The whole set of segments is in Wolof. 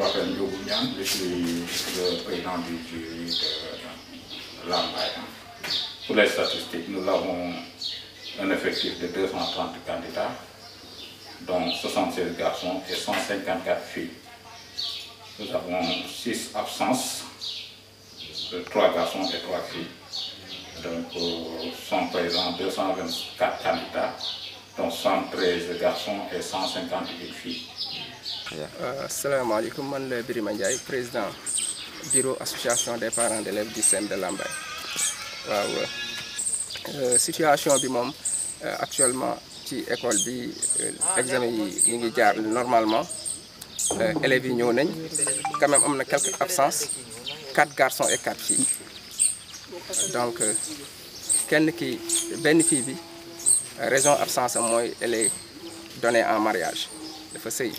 je suis le président du jury de Pour les statistiques, nous avons un effectif de 230 candidats, dont 76 garçons et 154 filles. Nous avons 6 absences, 3 garçons et 3 filles. Donc, euh, sommes présents 224 candidats, dont 113 garçons et 158 filles. Euh, asalaamaaleykum man la Birima Ndiaye président bureau association des parents d'élèves du CEM de Lambaye euh, euh, situation bi moom euh, actuellement ci école bi examen yi ngi jaar normalement élèves yi ñëw nañ quand même on a quelques absences quatre garçons et quatre filles donc kenn ki benn fille bi raison absence moy elle est donnée en mariage dafa sëy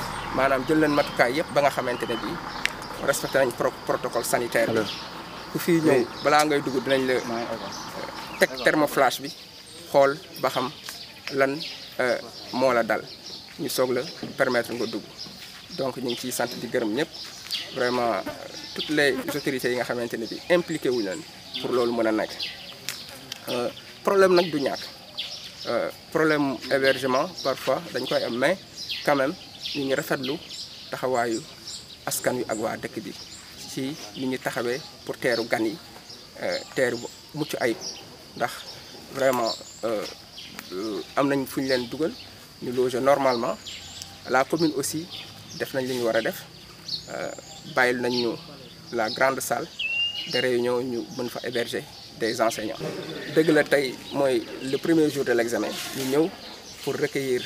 maanaam jël leen matukaay yëpp ba nga xamante ne bii respecté nañ protocole sanitaire bi ku fii ñëw balaa ngay dugg dinañ la euh, teg thermoflash bi xool ba xam lan euh, moo la dal ñu soog la permettre nga dugg donc ñu ngi ciy sant di gërëm ñëpp vraiment euh, toutes les autorités yi nga xamante ne bii impliqué wu leen pour loolu mën a nekk problème nag du ñàkk problème hébergement parfois dañ koy am mais quand ñu ngi rafetlu taxawaayu askan wi ak waa dëkk bi ci ni ñu taxawee pour teeru gan yi euh, teeru mucc ayib ndax vraiment euh, am nañ fu ñu leen dugal ñu loger normalement la commune aussi def nañ li ñu war a def euh, bàyyil nañ ñu la grande salle de réunion ñu mën fa héberger des enseignants dëgg la tey mooy le premier jour de l'examen ñu ñëw pour recueillir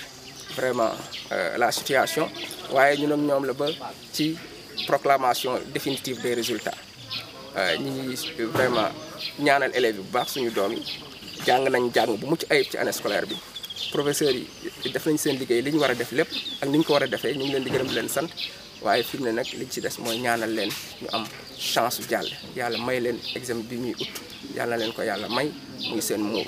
vraiment euh, la situation waaye ñu ak ñoom la ba ci proclamation définitive des résultats euh, ñu ngi vraiment ñaanal élèves yi bu baax suñu doom jàng nañ jàng bu mucc ayib ci année scolaire bi professeurs yi def nañ seen liggéey li ñu war a def lépp ak ni ñu ko war a defee ñu ngi leen di gërëm leen sant waaye fi mu ne nag liñ ci des mooy ñaanal leen ñu am chance su jàll yàlla may leen examen bi ñuy ut yàlla leen ko yàlla may muy seen muur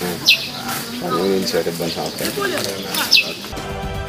तो वो इनसे बन हैं